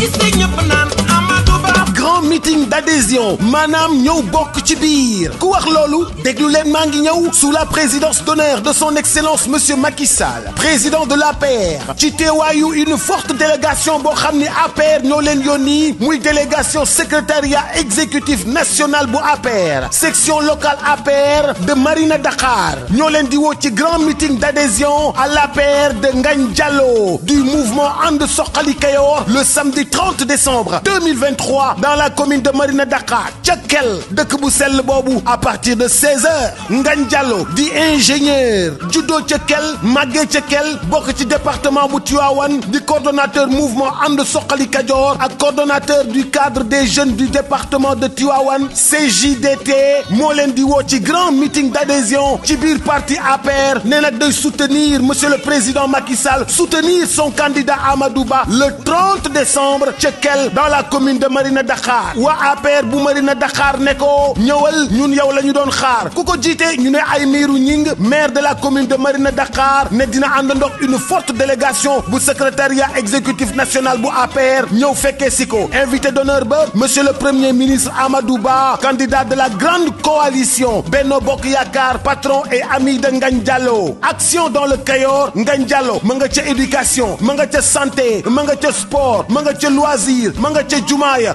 gis ne ñëpp naan grand meeting d'adhésion maanaam ñëw bokk ci biir ku wax loolu déglu leen maa ngi ñëw sous la présidence d'honneur de son excellence monsieur Macky Sall président de l'APR ci teewaayu une forte délégation boo xam ni APR ñoo leen yónni muy délégation secrétariat exécutif national bu APR section locale APR de Marina Dakar ñoo leen di woo ci grand meeting d'adhésion à l'APR de Ngagne Diallo du mouvement And Suxali Kayor le samedi 30 décembre 2023 dans la commune de Marina Dakar ca Kel dëkk bu sell boobu à partir de 16h Ngagne di ingénieur juddoo ca Kel màggee ca Kel bokk ci département bu Tivaouane di coordonnateur mouvement ànd soqali Kajoor ak coordonnateur du cadre des jeunes du département de Tivaouane CJDT moo leen di woo ci grand meeting d'adhésion ci biir parti APR nee nag day soutenir monsieur le président Macky Sall soutenir son candidat Amadou Ba le 30 décembre ca Kel dans la commune de Marina Dakhar Dakar ne ko ñëwal ñun yow la ñu doon xaar ku ko jiite ñu ne Aymérou Gningue maire de la commune de Marina Dakar ne dina ànd ndox une forte délégation bu secrétariat exécutif national bu APR ñëw fekkee si ko invité d'honneur ba monsieur le premier ministre Amadou Ba candidat de la grande coalition no Bokk Yaakaar patron et ami de Ngagne Diallo action dans le Kayor Ngagne Diallo ma nga ca éducation ma nga ca santé ma nga ca sport ma nga ca loisir ma nga ca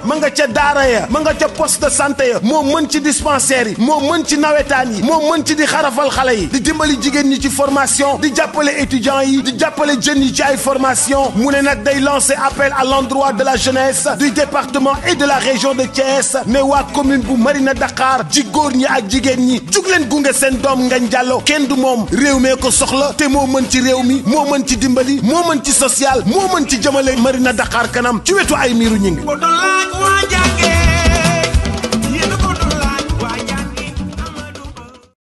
ma nga ca daara ya ma nga ca santé ya moo mën ci dispensaire yi moo mën ci nawetaan yi moo mën ci di xarafal xale yi di dimbali jigéen ñi ci formation di jàppale étudiants yi di jàppale jeunes yi ci ay formation mu ne nag day lancer appel à l'endroit de la jeunesse du département et de la région de Thiès ne waa commune bu Marina daqaar ci góor ñi ak jigéen ñi jug leen gunge seen doom Ngagne Diallo kenn du moom réew mee ko soxla te moo mën ci réew mi moo mën ci dimbali moo mën ci social moo mën ci jëmale Marina Dakar kanam ci wetu ay miiru ñu ngi